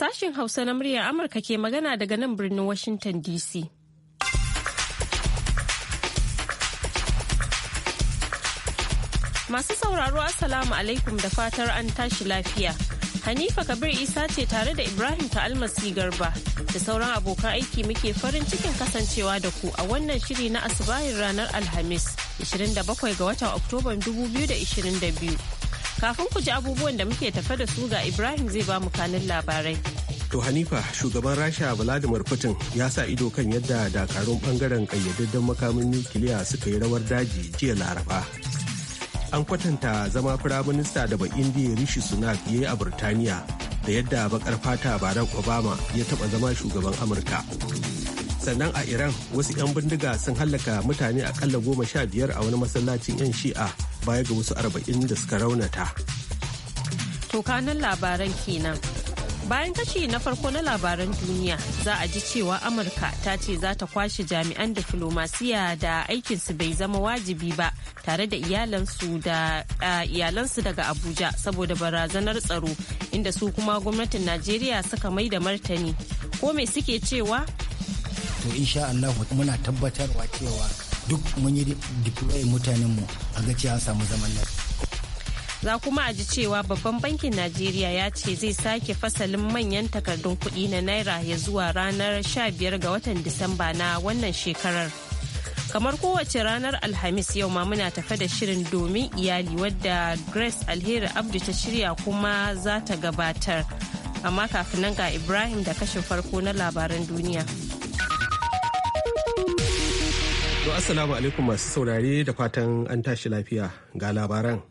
Sashen Hausa na muryar Amurka ke magana daga nan birnin Washington DC. Masu sauraro Assalamu alaikum da fatar an tashi lafiya. Hanifa Kabir Isa ce tare da Ibrahim Ta'almasi Garba da sauran abokan aiki muke farin cikin kasancewa da ku a wannan shiri na asibahin ranar Alhamis 27 ga watan Oktoban 2022. Kafin ku ji abubuwan da muke tafe da su ga Ibrahim zai ba mu kanin labarai. To Hanifa shugaban Rasha Vladimir Putin ya sa ido kan yadda dakarun bangaren kayyadaddun makamin nukiliya suka yi rawar daji jiya Laraba. An kwatanta zama firaminista da bai indiya Rishi Sunak ya yi a Burtaniya da yadda bakar fata Barack Obama ya taba zama shugaban Amurka. Sannan a Iran wasu 'yan bindiga sun hallaka mutane akalla goma sha biyar a wani masallacin 'yan shi'a baya ga wasu arba'in da suka raunata. Tokanin labaran kenan. Bayan kashi na farko na labaran duniya za a ji cewa Amurka ta ce za ta kwashe jami'an diflomasiya da aikinsu bai zama wajibi ba tare da iyalansu daga Abuja saboda barazanar tsaro inda su kuma gwamnatin Najeriya suka mai da martani. Ko me suke cewa? To insha Allah muna tabbatarwa cewa duk mun yi deploy mutanen a ga cewa samu zaman lafiya za kuma a ji cewa babban bankin najeriya ya ce zai sake fasalin manyan takardun kuɗi na naira ya zuwa ranar 15 ga watan disamba na wannan shekarar kamar kowace ranar alhamis yau ma muna tafe da shirin domin iyali wadda grace alheri abdu ta shirya kuma za ta gabatar amma kafin nan ga ibrahim da kashin farko na labaran duniya. To Assalamu alaikum masu saurare da fatan an tashi lafiya ga labaran.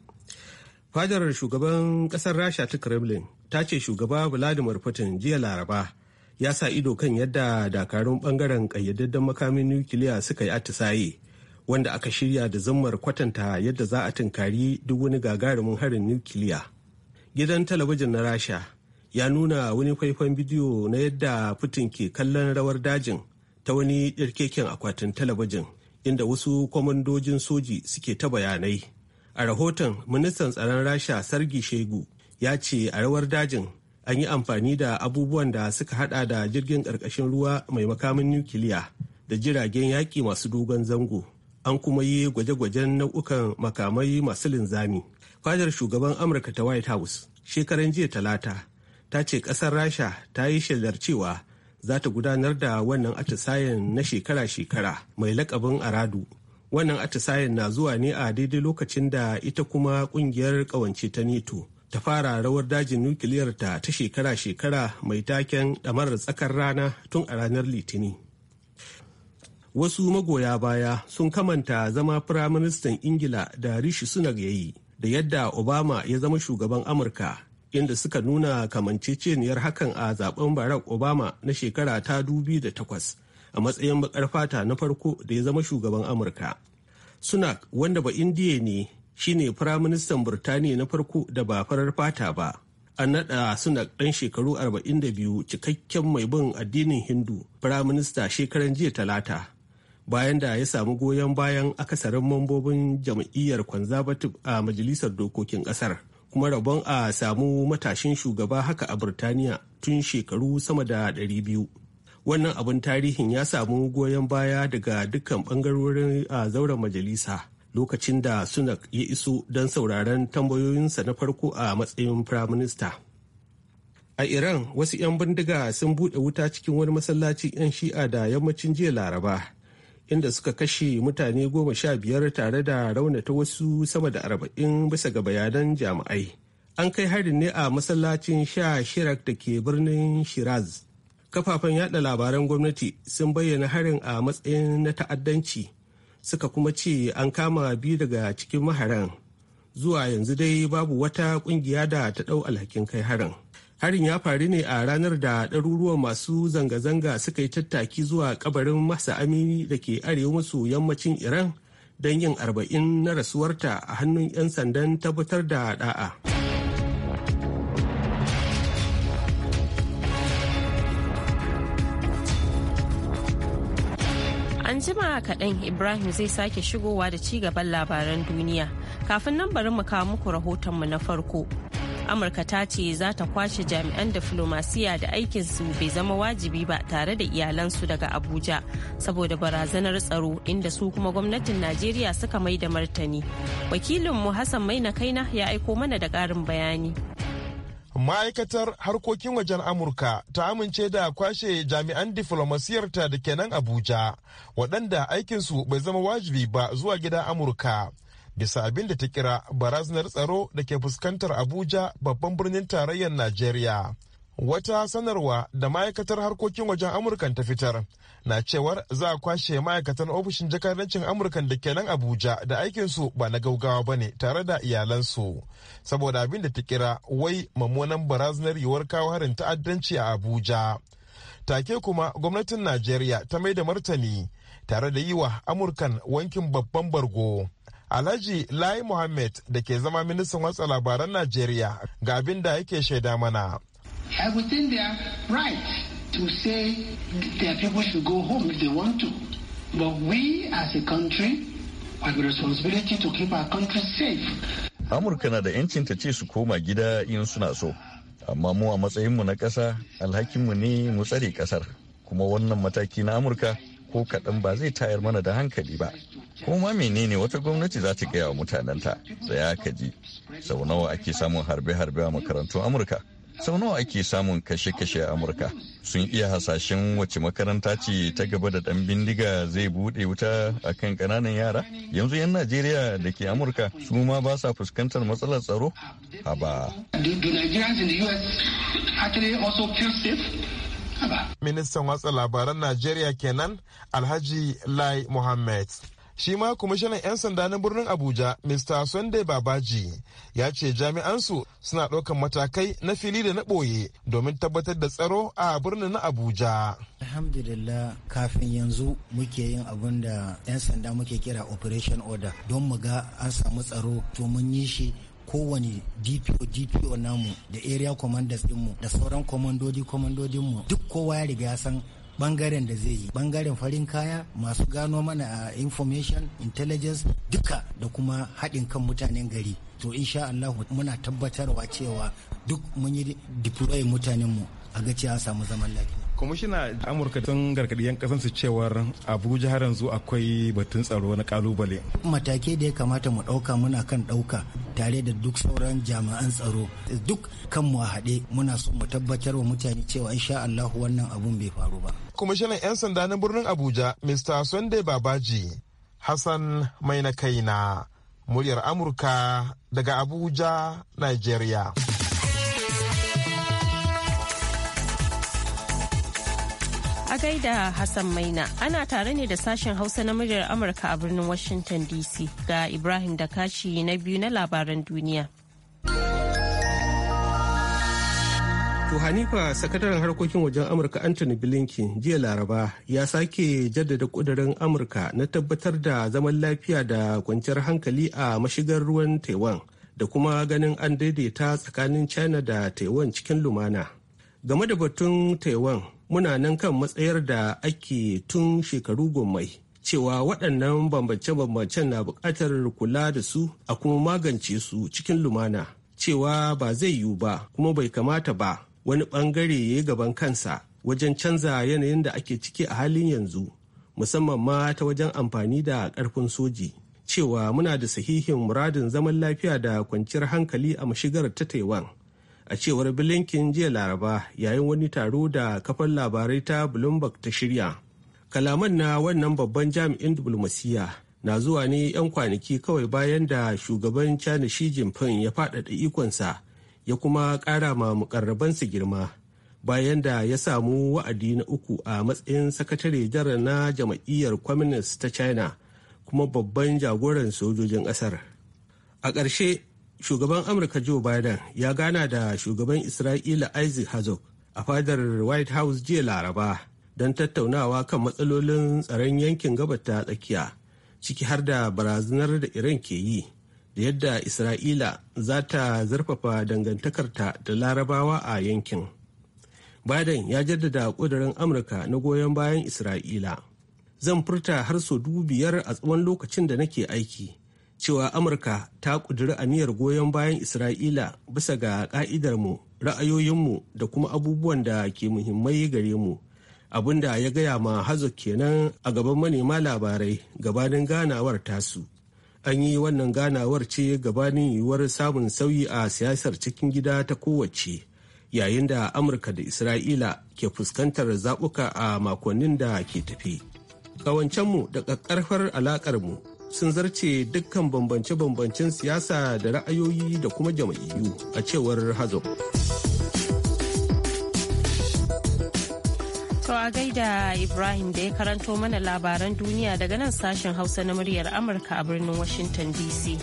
Fadar shugaban kasar Rasha ta Kremlin ta ce shugaba Vladimir Putin jiya Laraba ya sa ido kan yadda dakarun bangaren kayyadaddan makamin nukiliya suka yi atisaye wanda aka shirya da zammar kwatanta yadda za a tunkari duk wani gagarumin harin nukiliya. Gidan talabijin na Rasha ya nuna wani faifan bidiyo na yadda Putin ke kallon rawar dajin ta wani yarkeken akwatin talabijin inda wasu kwamandojin soji suke ta bayanai a rahoton ministan tsaron rasha sargi shegu ya ce a rawar dajin an yi amfani da abubuwan da suka hada da jirgin ƙarƙashin ruwa mai makamin nukiliya da jiragen yaƙi masu dogon zango an kuma yi gwaje-gwajen nau'ukan makamai masu linzami fadar shugaban amurka ta white house shekaran jiya talata ta ce ƙasar rasha ta yi shaidar cewa za ta gudanar da wannan atisayen na shekara-shekara mai lakabin aradu wannan atisayen na zuwa ne a daidai lokacin da ita kuma kungiyar kawance ta neto ta fara rawar dajin nukiliyar ta ta shekara-shekara mai taken ɗamarar tsakar rana tun a ranar litini wasu magoya baya sun kamanta zama firaministan ingila da rishi sunak ya yi da yadda obama ya zama shugaban amurka inda suka nuna kamanceceniyar hakan a zaben barack obama na shekara ta dubi da takwas a matsayin bakar fata na farko da ya zama shugaban amurka sunak wanda ba indiya ne shine firaministan birtaniya na farko da ba farar fata ba an naɗa sunak ɗan shekaru 42 cikakken mai bin addinin hindu firaminista shekaran jiya talata bayan da ya samu goyon bayan akasarin mambobin jam'iyyar conservative a majalisar dokokin ƙasar kuma rabon a samu matashin shugaba haka a Burtaniya tun shekaru sama da ɗari biyu. Wannan abin tarihin ya samu goyon baya daga dukkan bangarorin a zauren majalisa lokacin da Sunak ya iso don sauraron tambayoyinsa na farko a matsayin firaminista. A Iran, wasu 'yan bindiga sun buɗe wuta cikin wani masallaci 'yan shi'a da yammacin jiya Laraba. inda suka kashe mutane goma sha biyar tare da raunata wasu sama da arba'in bisa ga bayanan jami'ai an kai harin ne a masallacin sha shirak da ke birnin shiraz kafafen yaɗa labaran gwamnati sun bayyana harin a matsayin na ta'addanci suka kuma ce an kama biyu daga cikin maharan zuwa yanzu dai babu wata ƙungiya da ta ɗau alhakin kai harin harin ya faru ne a ranar da ɗaruruwan masu zanga-zanga suka yi tattaki zuwa kabarin masa amini da ke arewa maso yammacin iran don yin arba'in na rasuwarta a hannun 'yan sandan tabbatar da da'a an jima kaɗan ibrahim zai sake shigowa da ci gaban labaran duniya kafin nan bari mu kawo muku rahotonmu na farko amurka ta ce za ta kwashe jami'an diflomasiyya da aikinsu bai zama wajibi ba tare da iyalansu daga abuja saboda barazanar tsaro inda su kuma gwamnatin najeriya suka mai da martani wakilinmu hassan maina kaina ya aiko mana da karin bayani ma'aikatar harkokin wajen amurka ta amince da kwashe jami'an diflomasiyarta da kenan abuja waɗanda aikinsu bai zama wajibi ba zuwa gidan amurka bisa abin da ta kira barazanar tsaro da ke fuskantar abuja babban birnin tarayyar najeriya wata sanarwa da ma'aikatar harkokin wajen amurkan ta fitar na cewar za a kwashe ma'aikatan ofishin jakadancin amurkan da ke nan abuja da aikinsu ba na gaugawa ba ne tare da iyalansu saboda abin da ta kira wai mummunan barazanar yiwuwar kawo harin ta'addanci a abuja take kuma gwamnatin najeriya ta mai da martani tare da yi wa amurkan wankin babban bargo Alhaji Lai Muhammad da ke zama ministan watsa labaran Najeriya ga abin da yake shaida mana. I go home if they want to. But to keep Amurka na da 'yancin ta ce su koma gida in suna so. Amma mu a matsayinmu na ƙasa alhakinmu ne mu tsare ƙasar. Kuma wannan mataki na Amurka ko kaɗan ba zai tayar mana da hankali ba ko ma menene wata gwamnati za ta gaya wa mutanenta tsaya aka ji sau nawa ake samun harbe-harbe a makarantun amurka sau nawa ake samun kashe-kashe a amurka sun iya hasashen wace makaranta ce ta gaba da dan bindiga zai bude wuta a kan kananan yara yanzu 'yan najeriya da ke amurka su ma ba sa fuskantar matsalar tsaro haba Ministan watsa labaran Najeriya kenan Alhaji Lai Mohammed. Shi ma kwamishinan 'yan sanda na birnin Abuja, Mr. Sunday Babaji, ya ce jami'ansu suna ɗaukan matakai na fili da na ɓoye domin tabbatar da tsaro a birnin na Abuja. Alhamdulillah kafin yanzu muke yin abin da 'yan sanda muke kira Operation Order don mu ga an samu tsaro to mun yi shi kowane dpo dpo namu da area commanders mu da sauran komandodi mu duk kowa ya riga ya san bangaren da zai yi bangaren farin kaya masu gano mana a ah, information intelligence duka da kuma haɗin kan mutanen gari to insha Allah muna tabbatarwa cewa duk mun yi deploy mutanenmu a ga cewa samu zaman lafiya kwamishina amurka sun gargadi yan kasan su cewar abuja har yanzu akwai batun tsaro na kalubale matakai da ya kamata mu ɗauka muna kan ɗauka tare da duk sauran jami'an tsaro duk kanmu a haɗe muna so mu tabbatar wa mutane cewa insha Allah wannan abun bai faru ba kwamishinan 'yan sanda na birnin abuja mr sunday babaji hassan mai na kaina muryar amurka daga abuja nigeria A gaida Hassan Maina ana tare ne da sashen Hausa na muryar Amurka a birnin Washington DC ga Ibrahim da kashi na biyu na labaran duniya. To Hanifa sakataren harkokin wajen Amurka Anthony Blinken jiya Laraba ya sake jaddada kudirin Amurka na tabbatar da zaman lafiya da kwanciyar hankali a mashigar ruwan Taiwan da kuma ganin an daidaita tsakanin China da Taiwan cikin lumana. Game da batun Taiwan muna nan kan matsayar da ake tun shekaru gomai cewa waɗannan bambance-bambancen na buƙatar kula da su a kuma magance su cikin lumana cewa ba zai yiwu ba kuma bai kamata ba wani ɓangare ya yi gaban kansa wajen canza yanayin da ake ciki a halin yanzu musamman ma ta wajen amfani da ƙarfin soji cewa muna da sahihin muradin zaman lafiya da kwanciyar hankali a mashigar ta taiwan a cewar bilinkin jiya laraba yayin wani taro da kafar labarai ta bloomberg ta shirya kalaman na wannan babban jami'in diplomasiyya na zuwa ne 'yan kwanaki kawai bayan da shugaban china shi jinping ya faɗaɗa ikonsa ya kuma ƙara ma mukarrabansa girma bayan da ya samu wa'adi na uku a matsayin sakatare jara na jam'iyyar communist ta china kuma babban jagoran sojojin ƙasar a ƙarshe shugaban amurka joe biden ya gana da shugaban isra'ila isaac herzog a fadar white house jiya laraba don tattaunawa kan matsalolin tsaron yankin gabar ta tsakiya ciki har da barazanar da iran ke yi da yadda isra'ila za ta zarfafa dangantakarta da larabawa a yankin biden ya jaddada ƙudurin amurka na goyon bayan isra'ila zan furta har sau dubu biyar a tsawon lokacin da nake aiki cewa amurka ta ƙudiri aniyar goyon bayan isra'ila bisa ga ra'ayoyin ra'ayoyinmu da kuma abubuwan da ke muhimmai gare mu abinda ya gaya ma hazo kenan a gaban manema labarai gabanin ganawar tasu an yi wannan ganawar ce gabanin yiwuwar samun sauyi a siyasar cikin gida ta kowace yayin da amurka da isra'ila ke fuskantar zaɓuka a makonnin da ke tafi mu da ƙaƙƙarfar alaƙarmu sun zarce dukkan bambance-bambancen siyasa da ra'ayoyi da kuma jam'iyyu a cewar hazo. To a gaida Ibrahim da ya karanto mana labaran duniya daga nan sashen Hausa na muryar Amurka a birnin Washington DC.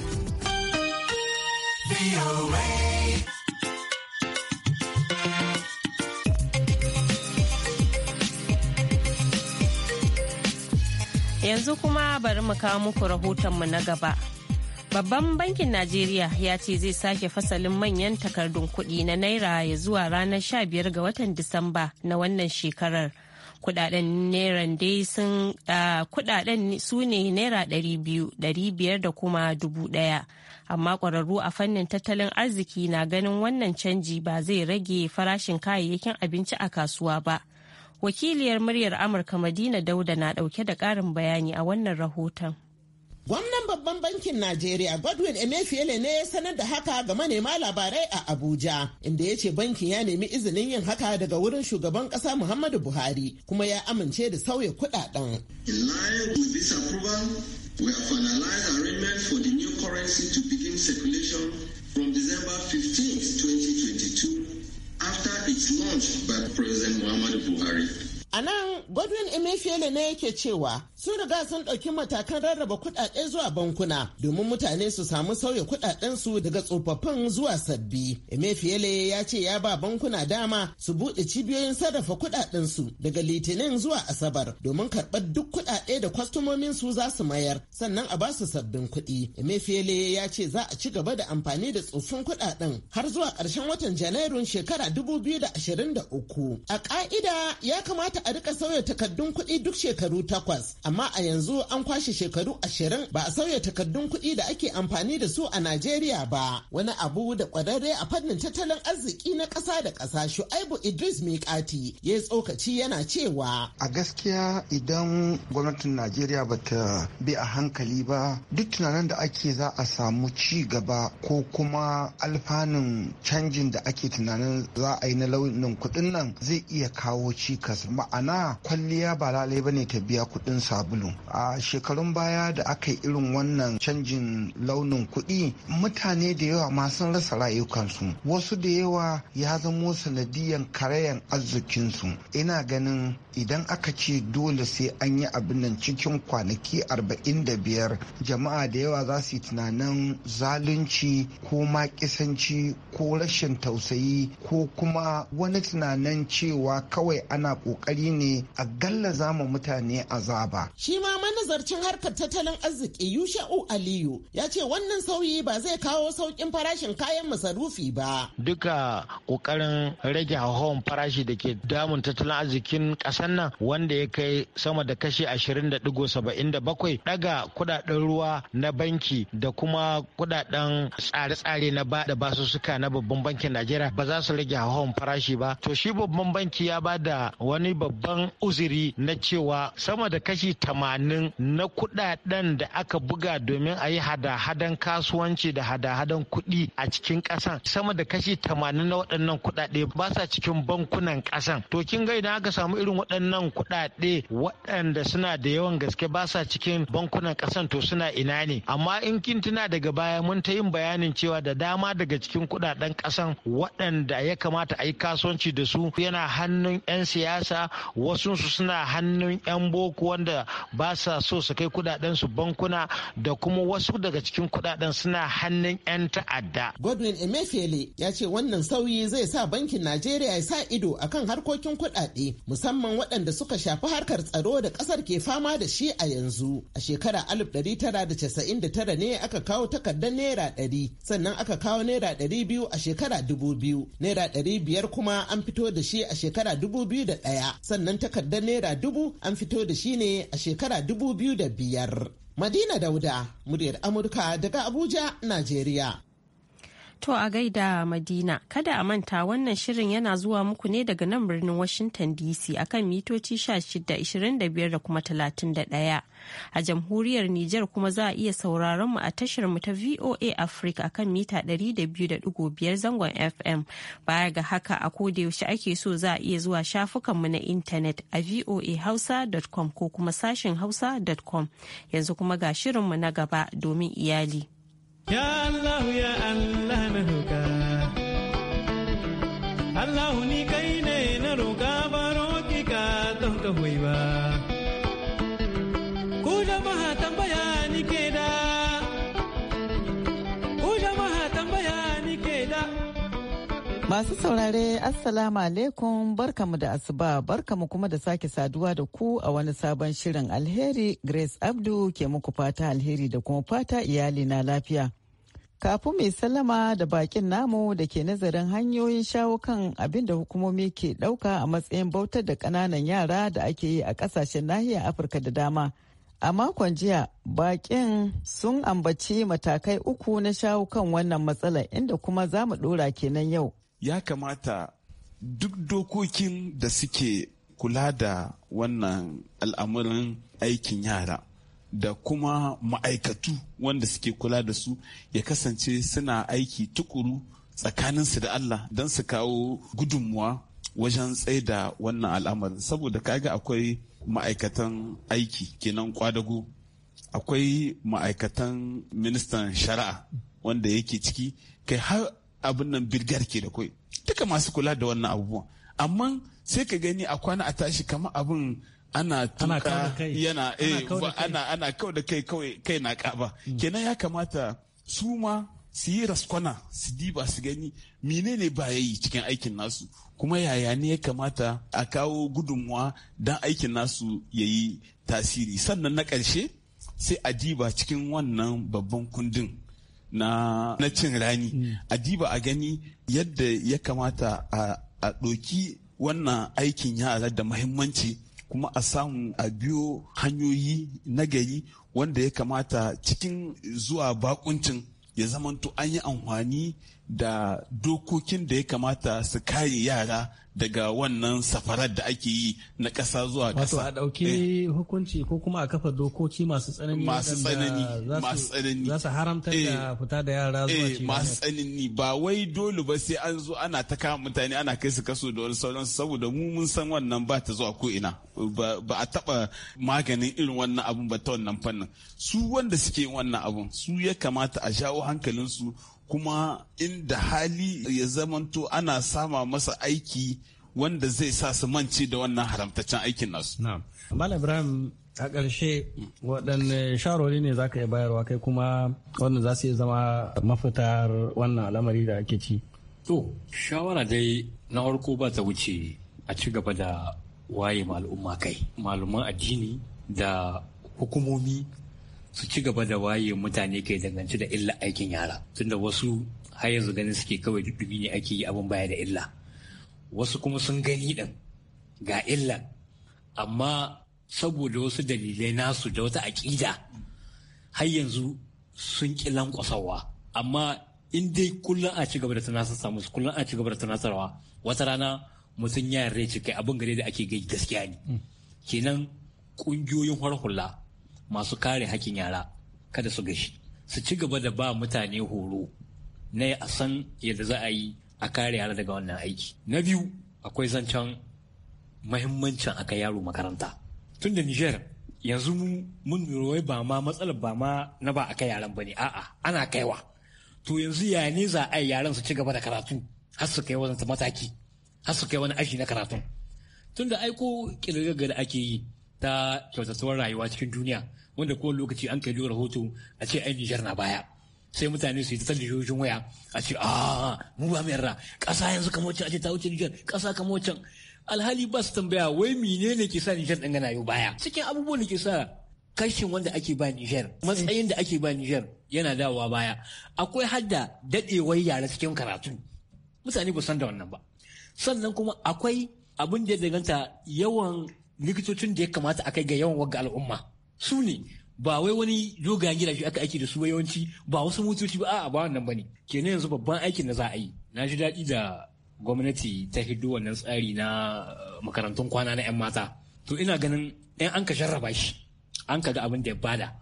Yanzu kuma bari mu kawo muku rahoton mu na gaba. Babban bankin Najeriya ya ce zai sake fasalin manyan takardun kuɗi na Naira ya zuwa ranar 15 ga watan Disamba na wannan shekarar. Kudaden naira dai sun kudaden su ne Naira 200, da kuma 1000. Amma ƙwararru a fannin tattalin arziki na ganin wannan canji ba zai rage farashin kayayyakin abinci a kasuwa ba. wakiliyar muryar amurka madina dauda na dauke da karin bayani a wannan rahoton Gwamnan babban bankin Najeriya Godwin Emefiele ne ya sanar da haka ga manema labarai a Abuja, inda ya ce bankin ya nemi izinin yin haka daga wurin shugaban kasa Muhammadu Buhari kuma ya amince da sauya kudaden. In from December 15, 2022 after its launch by President Muhammadu Buhari, A nan Godwin Emefiele ne yake cewa sun riga sun ɗauki matakan rarraba kuɗaɗe zuwa bankuna domin mutane su samu sauya kuɗaɗensu daga tsofaffin zuwa sabbi. Emefiele ya ce ya ba bankuna dama su buɗe cibiyoyin sarrafa kuɗaɗensu daga litinin zuwa asabar domin karɓar duk kuɗaɗe da kwastomomin su za su mayar sannan a ba su sabbin kuɗi. Emefiele ya ce za a ci gaba da amfani da tsoffin kuɗaɗen har zuwa ƙarshen watan Janairun shekara 2023. A ƙa'ida ya kamata a rika sauya takardun kuɗi duk shekaru takwas amma a yanzu an kwashe shekaru ashirin ba a sauya takardun kuɗi da ake amfani da su a Najeriya ba wani abu da kwararre a fannin tattalin arziki na ƙasa da ƙasa Shu'aibu Idris Mikati ya tsokaci yana cewa a gaskiya idan gwamnatin Najeriya ta bi a hankali ba duk tunanin da ake za a samu ci gaba ko kuma alfanun canjin da ake tunanin za a yi na launin kuɗin nan zai iya kawo cikas ana kwalliya ba lalai bane ta biya kuɗin sabulu a shekarun baya da aka yi irin wannan canjin launin kuɗi mutane da yawa ma sun rasa rayukansu wasu da yawa ya zamo sanadiyan karayan arzikinsu ina ganin idan aka ce dole sai an yi abin nan cikin kwanaki 45 jama'a da yawa za su yi tunanin zalunci ko makisanci ko rashin tausayi ko kuma wani tunanin cewa kawai ana ƙoƙari kokari ne a gallaza ma mutane azaba shi ma manazarcin harkar tattalin arziki yusha'u aliyu ya ce wannan sauyi ba zai kawo saukin farashin kayan masarufi ba duka kokarin rage hauhawar farashi da ke damun tattalin arzikin ƙasar nan wanda ya kai sama da kashi 20.77 daga kudaden ruwa na banki da kuma kudaden tsare-tsare na ba da basussuka na babban bankin Najeriya ba za su rage hauhawar farashi ba to shi babban banki ya ba da wani babban uzuri na cewa sama da kashi tamanin na kudaden da aka buga domin a yi hada-hadan kasuwanci da hada-hadan kudi a cikin kasan sama da kashi tamanin na waɗannan kudade ba sa cikin bankunan kasan to kin ga idan aka samu irin waɗannan kudade waɗanda suna da yawan gaske ba sa cikin bankunan kasan to suna ina ne amma in kin tuna daga baya mun ta yin bayanin cewa da dama daga cikin kudaden kasan waɗanda ya kamata a yi kasuwanci da su yana hannun 'yan siyasa wasu su suna hannun 'yan boko wanda ba sa so su kai kudaden su bankuna da kuma wasu daga cikin kudaden suna hannun 'yan ta'adda. Godwin Emefiele ya ce wannan sauyi zai sa bankin Najeriya ya sa ido akan harkokin kudade musamman waɗanda suka shafi harkar tsaro da ƙasar ke fama da shi a yanzu. A shekara 1999 ne aka kawo takardar naira 100 sannan aka kawo naira 200 a shekara 2000 naira 500 kuma an fito da shi a shekara 2001 sannan takardar naira dubu an fito da shi ne a shekara dubu biyu da biyar. Madina Dauda, muryar Amurka daga Abuja, Najeriya. To a gaida Madina, kada a manta wannan shirin yana zuwa muku ne daga nan birnin Washington DC akan mitoci 1625 da kuma 31. A jamhuriyar Nijar kuma za a iya sauraron mu a tashar mu ta VOA Africa akan mita 200.5 zangon FM. Baya ga haka a koda yaushe ake so za a iya zuwa shafukan mu na intanet a voahausa.com ko kuma sashin hausa.com. Yanzu kuma ga shirin mu na gaba domin iyali. Ya Allah ya Allah na roka Allah ni kai ne na roka baro ki ka don ka hoyi ba Masu saurare Assalamu alaikum barkamu da asuba barkamu kuma da sake saduwa da ku a wani sabon shirin alheri Grace Abdu ke muku fata alheri da kuma fata iyali na lafiya. kafu mai salama da bakin namu da ke nazarin hanyoyin shawo kan abin da hukumomi ke ɗauka a matsayin bautar da ƙananan yara da ake yi a ƙasashen nahiyar Afirka da dama. A makon jiya, bakin sun ambaci matakai uku na shawo kan wannan matsala inda kuma za mu ɗora kenan yau. ya kamata duk dokokin da suke kula da wannan al'amuran aikin yara da kuma ma'aikatu wanda suke kula da su ya kasance suna aiki tukuru tsakaninsu da Allah don su kawo gudunmuwa wajen tsaye da wannan al'amarin saboda kaga akwai ma'aikatan aiki kenan kwadago akwai ma'aikatan ministan shari'a wanda yake ciki kai har abin nan birgar ke da kwai duka masu kula da wannan abubuwan amma sai ka gani a kwana a tashi kamar abin ana tuka yana eh ana ana kau da kai kawai kai na kaba hmm. kenan ya kamata su ma su yi raskwana su diba su gani menene ba ya cikin aikin nasu kuma yaya ne ya kamata a kawo gudunmuwa don aikin nasu yayi tasiri sannan na ƙarshe sai a diba cikin wannan babban kundin na cin rani mm. a diba a gani yadda ya kamata a ɗoki wannan aikin yara da mahimmanci kuma a samu a biyo hanyoyi na gari wanda ya kamata cikin zuwa bakuncin ya zamanto an yi amfani da dokokin da ya kamata su kare yara daga wannan safarar da ake yi na ƙasa zuwa ƙasa. Wato a ɗauki eh. hukunci ko kuma a kafa dokoki masu tsanani. Masu tsanani. Masu tsanani. Za su haramta da eh. fita da yara zuwa eh, cikin. Masu tsanani ba wai dole ba sai an zo ana ta kama mutane ana kai su kaso da wani sauransu saboda mu mun san wannan ba ta zuwa ko ina. Ba a taɓa maganin irin wannan abun ba ta wannan fannin. Su wanda suke yin wannan abun su ya kamata a jawo hankalinsu kuma inda hali ya zamanto ana sama masa aiki wanda zai sa su mance da wannan haramtaccen aikin nasu. Malam Ibrahim a ƙarshe waɗanne sharori ne za ka iya bayarwa kai kuma wanda za su iya zama mafitar wannan al'amari da ake ci. To, shawara dai na farko ba ta wuce a ci gaba da waye al'umma kai, malaman addini da hukumomi su ci gaba da waye mutane kai dangance da illa aikin yara tunda wasu har yanzu ganin suke kawai dubi ne ake yi abin baya da illa wasu kuma sun gani din ga illa amma saboda wasu dalilai nasu da wata aƙida har yanzu sun ƙi lankwasawa amma in dai kullum a ci gaba da tunasarsa musu kullum a ci gaba da tunasarwa wata rana mutum ya yarda cikai abin gare da ake gai gaskiya ne mm. kenan ƙungiyoyin hula masu kare hakkin yara kada su gashi su ci gaba da ba mutane horo na a san yadda za a yi a kare yara daga wannan aiki na biyu akwai zancen mahimmancin aka yaro makaranta tun da niger yanzu mun wai ba ma matsalar ba ma na ba a kai yaran ba ne a'a ana kaiwa to yanzu ya ne za a yi yaran su ci gaba da karatu har su kai wani mataki har su kai wani aji na karatu tun da aiko kirgaga da ake yi ta kyautatuwar rayuwa cikin duniya wanda kowane lokaci an kai rahoto a ce ai Nijar na baya sai mutane su yi ta jihohin waya a ce a ah, mu ba mu kasa yanzu kamar wacce a ce ta wuce Nijar kasa kamar wacce alhali ba su tambaya wai menene ke sa Nijar ɗin gana yau baya cikin abubuwan da ke sa kashin wanda ake ba Nijar matsayin da ake ba Nijar yana dawowa baya akwai hadda dadewar yara cikin karatu mutane ba san da wannan ba sannan kuma akwai abin da ya danganta yawan likitocin da ya kamata a kai ga yawan wagga al'umma su ne ba wai wani dogayen gidaje aka aiki da su ba yawanci ba wasu motoci ba a ba wannan bane kenan yanzu babban aikin da za a yi na ji daɗi da gwamnati ta hiddo wannan tsari na eh, makarantun kwana na 'yan mata to ina ganin in an ka jarraba shi an ka ga abin da ya bada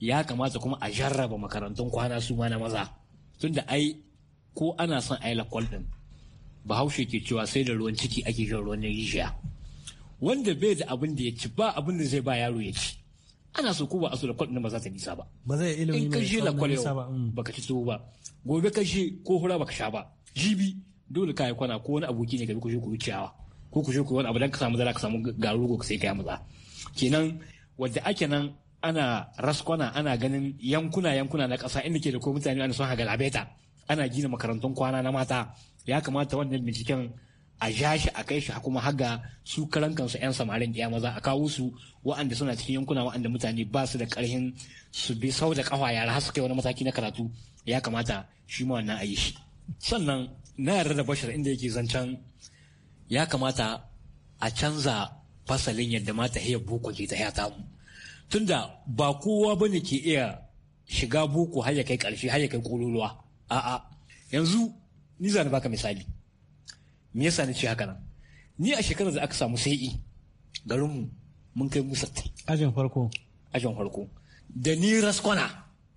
ya kamata kuma a jarraba makarantun kwana su ma na maza tunda ai ko ana son a yi lakwal din bahaushe ke cewa sai da ruwan ciki ake jan ruwan rijiya wanda bai da abin da ya ci ba abin da zai ba yaro ya ci ana so ko ba a so lakwal ɗin ba za ta nisa ba ba zai ilimi mai ba. In mm. ba baka ci so ba gobe ka je ko hura baka sha ba jibi dole ka yi kwana ko wani aboki ne gari ku je ku ciyawa ko ku je ku wani abu dan ka samu zara ka samu ko ka sai ka yi kenan wadda ake nan ana raskwana ana ganin yankuna yankuna na ƙasa inda ke da ko mutane ana son hagalabeta ana gina makarantun kwana na mata ya kamata wannan binciken a ja shi a kai shi a kuma haga su karan kansu 'yan samarin ya maza a kawo su wa'anda suna cikin yankuna wa'anda mutane ba su da ƙarhin su bi sau da ƙafa yara har su kai wani mataki na karatu ya kamata shi ma wannan a shi sannan na yarda da bashar inda yake zancen ya kamata a canza fasalin yadda mata hiyar boko ke ta haya tamu tunda ba kowa bane ke iya shiga boko har ya kai ƙarshe har ya kai kololuwa a'a yanzu ni zan baka misali me yasa na ce haka nan ni a shekarar da aka samu sai'i e, garinmu mun kai mu sattai ajin farko ajin farko da ni raskona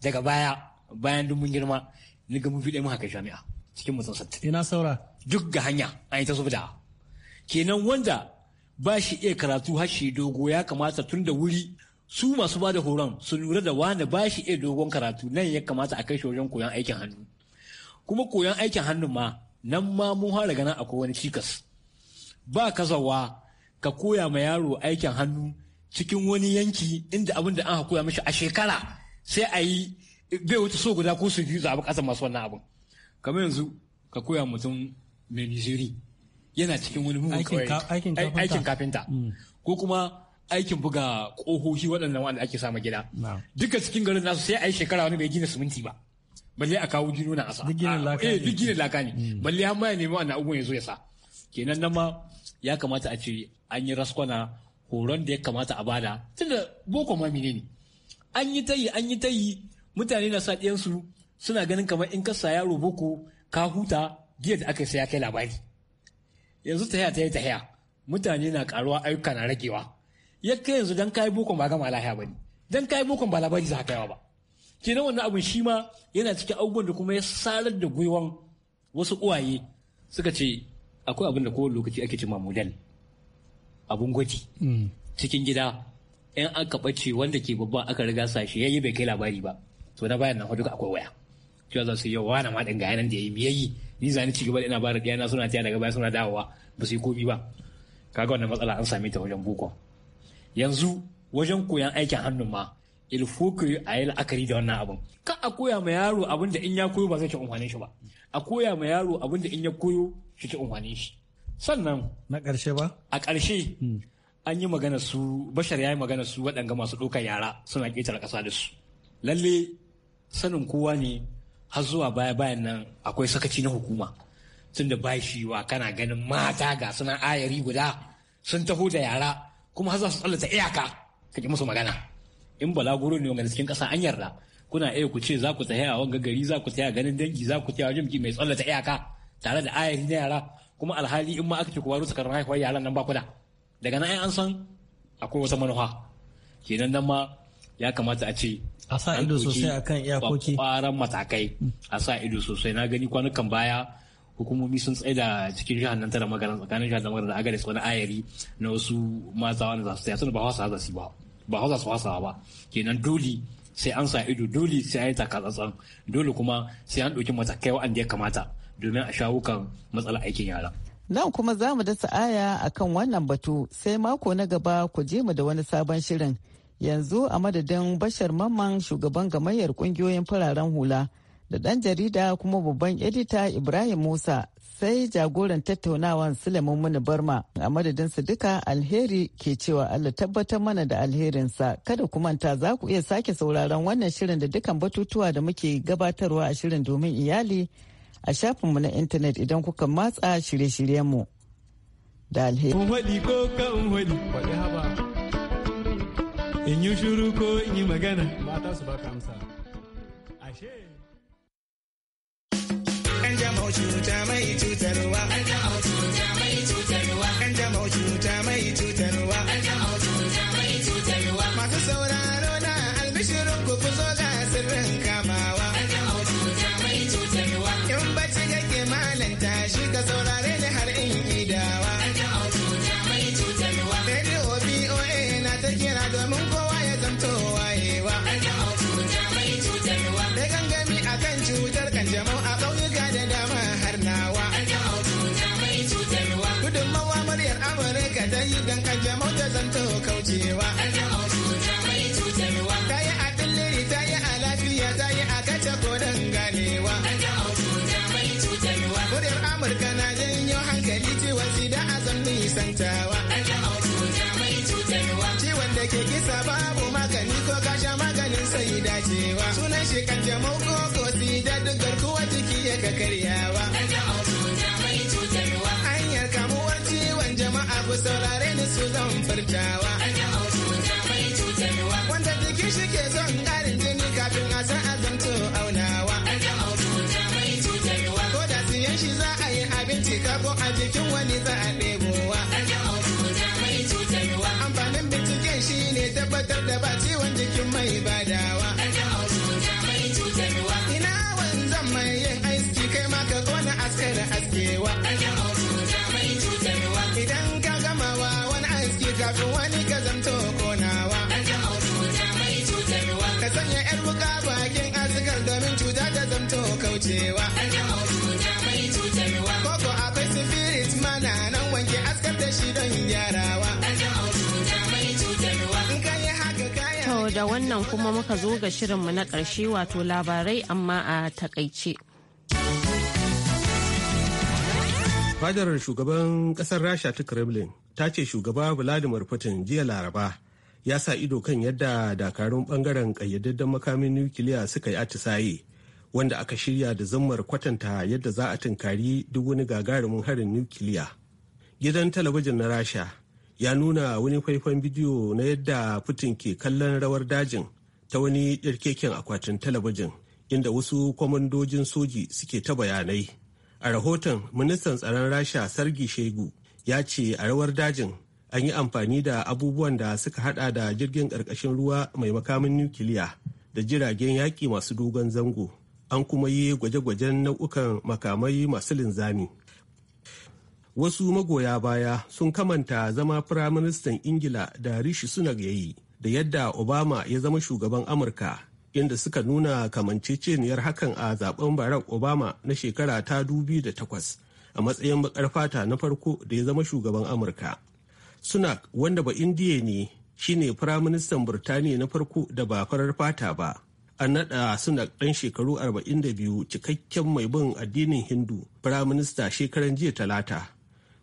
daga baya bayan dun mun girma ni ga mun fi mu haka jami'a cikin mutum sattai ina saura duk ga hanya an yi ta zubda kenan wanda ba shi iya karatu har shi dogo ya kamata tun da wuri su masu ba da horon su lura da wani ba shi iya dogon karatu nan ya kamata a kai shi wajen koyon aikin hannu kuma koyon aikin hannun ma nan ma mun fara ganin akwai wani cikas ba kazawa ka koya ma yaro aikin hannu cikin wani yanki inda abin da an koya mishi a shekara sai a yi bai wuce so guda ko su biyu zaɓi ƙasa masu wannan abin kamar yanzu ka koya mutum mai nijeri yana cikin wani aikin kafinta mm. ko kuma aikin buga ƙohohi waɗannan wanda ake sama gida duka cikin garin nasu sai a yi shekara wani bai gina siminti ba balle a kawo jinuna a asa duk ginin eh, laka ne duk laka ne balle ya nemi wannan abubuwan ya zo ya sa kenan nan ma ya kamata a ce an yi raskwana horon da ya kamata a bada tunda boko ma menene an yi tayi an yi tayi mutane na sa ɗiyansu suna ganin kamar in kasa yaro boko ka huta giya da aka saya kai labari yanzu ta ta yi ta haya mutane na karuwa ayyuka na ragewa ya kai yanzu dan kai bokon ba gama lahiya bane dan kai bokon ba labari za ka kaiwa ba kenan wannan abin shi ma yana cikin abubuwan da kuma ya sarar da gwiwan wasu uwaye suka ce akwai abin da kowane lokaci ake cima model abun gwaji hmm. cikin gida yan aka ɓace wanda ke babba aka riga sashi yayi bai kai labari ba to na bayan nan duka akwai waya cewa za su yi wa na ma ga yanan da ya yi yayi ni zani ci gaba da ina bara ɗiyana suna tiya daga bayan suna dawowa ba su yi komi ba kaga wannan matsala an same ta wajen bukon yanzu wajen koyan aikin hannun ma ilfukuri a yi la'akari da wannan abin ka a koya ma yaro abin da in ya koyo ba zai ci amfanin shi ba a koya ma yaro abin da in ya koyo shi ci amfanin shi sannan na ƙarshe ba a ƙarshe hmm. an yi magana su bashar ya yi magana su waɗanga masu ɗaukar yara suna ƙetare ƙasa da su lalle sanin kowa ne har zuwa baya bayan nan akwai sakaci na hukuma tun da bashi wa kana ganin mata ga suna ayari guda sun taho da yara kuma har za su tsallata iyaka ka ki musu magana in balaguro ne wanga cikin ƙasa an yarda kuna iya ku ce za ku tsaya a wanga gari za ku tsaya ganin dangi za ku tsaya wajen biki mai tsallata iyaka tare da ayari na yara kuma alhali in ma aka ce ku baro sakarar haihuwar yaran nan ba ku da daga nan an san akwai wata manufa kenan nan ma ya kamata a ce a sa ido sosai akan iyakoki kwaran matakai a sa ido sosai na gani kwanukan baya hukumomi sun da cikin jihar nan tara magana tsakanin jihar da magana da agares wani ayari na wasu mazawa da za su tsaya suna ba wasu za su ba ba hausa su fasa ba kenan dole sai an sa ido dole sai an yi takatsantsan dole kuma sai an ɗauki matakai wa'anda ya kamata domin a shawo kan matsalar aikin yara. Nan kuma za mu dasa aya a kan wannan batu sai mako na gaba ku je mu da wani sabon shirin. Yanzu a madadin Bashar Mamman shugaban gamayyar kungiyoyin fararen hula da ɗan jarida kuma babban edita Ibrahim Musa sai jagoran tattaunawan Suleiman Muni Barma a madadin su duka alheri ke cewa Allah tabbatar mana da alherinsa kada ku manta za ku iya sake sauraron wannan shirin da dukan batutuwa da muke gabatarwa a shirin domin iyali a shafinmu na intanet idan kuka matsa shirye-shiryenmu da alheri. shuru ko in magana. Mata su baka amsa. Ashe. kanjamau cuta mai cutarwa kanjamau cuta mai cutarwa kanjamau cuta mai cutarwa kanjamau sai dacewa sunan shi kan jama ko ko da dukkan kuwa jiki ya ka karyawa hanyar kamuwar ciwon jama'a ku saurare ni su zan furtawa wanda jiki shi ke son ƙari ajewa idan ka gamawa wani aski kafin wani ka zamto konawa ka sanya yar wuka bakin asikar domin cuta ta zamto kaucewa koko akwai spirit mana nan wanke askar da shi don gyarawa da wannan kuma muka zo ga shirinmu na ƙarshe wato labarai amma a takaice. fadar shugaban kasar rasha ta kremlin ta ce shugaba vladimir putin jiya laraba ya sa ido kan yadda dakarun bangaren kayyadaddun makamin nukiliya suka yi atisaye wanda aka shirya da zammar kwatanta yadda za a tunkari duk wani gagarumin harin nukiliya gidan talabijin na rasha ya nuna wani faifan bidiyo na yadda putin ke kallon rawar dajin ta wani akwatin talabijin inda wasu kwamandojin soji suke ta bayanai a rahoton ministan tsaron rasha sargi shegu ya ce a rawar dajin an yi amfani da abubuwan da suka hada da jirgin ƙarƙashin ruwa mai makamin nukiliya da jiragen yaƙi masu dogon zango an kuma yi gwaje-gwajen nau'ukan makamai masu linzami wasu magoya baya sun kamanta zama firaministan ingila da rishi sunak ya yi da yadda obama ya zama shugaban amurka inda suka nuna kamanceceniyar hakan a zaben barack obama na shekara ta da takwas a matsayin bakar fata na farko da ya zama shugaban amurka sunak wanda ba indiya ne shine firaministan burtaniya na farko da ba farar fata ba an naɗa sunak ɗan shekaru 42 cikakken mai bin addinin hindu firaminista shekaran jiya talata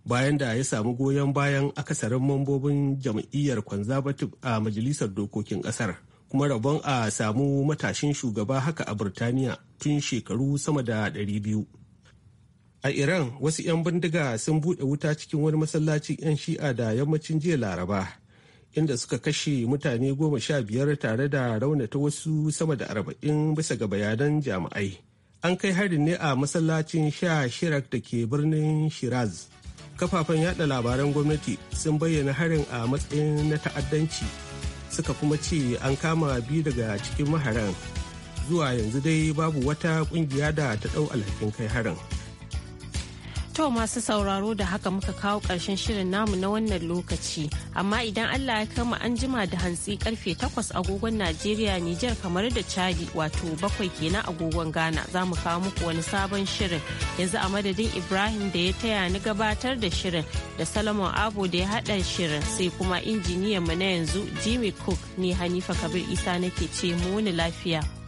bayan da ya samu goyon bayan akasarin mambobin jam'iyyar conservative a majalisar dokokin ƙasar kuma rabon a samu matashin shugaba haka a Burtaniya tun shekaru sama da ɗari biyu. A Iran wasu 'yan bindiga sun buɗe wuta cikin wani masallacin 'yan shi'a da yammacin jiya Laraba inda suka kashe mutane goma sha biyar tare da raunata wasu sama da arba'in bisa ga bayanan jami'ai. An kai harin ne a masallacin sha shirak da ke birnin Shiraz. Kafafen yaɗa labaran gwamnati sun bayyana harin a matsayin na ta'addanci suka kuma ce an kama biyu daga cikin maharan zuwa yanzu dai babu wata kungiya da ta ɗau alhakin kai harin. To masu sauraro da haka muka kawo ƙarshen shirin namu na wannan lokaci. Amma idan Allah ya kama an jima da hantsi karfe takwas agogon Najeriya Nijar kamar da Chadi wato bakwai kenan agogon Ghana za mu kawo muku wani sabon shirin. Yanzu a madadin Ibrahim da ya taya ni gabatar da shirin da Salomon abu da ya haɗa shirin sai kuma injiniyan mu na yanzu Jimmy Cook ni Hanifa Kabir Isa nake ce mu wani lafiya.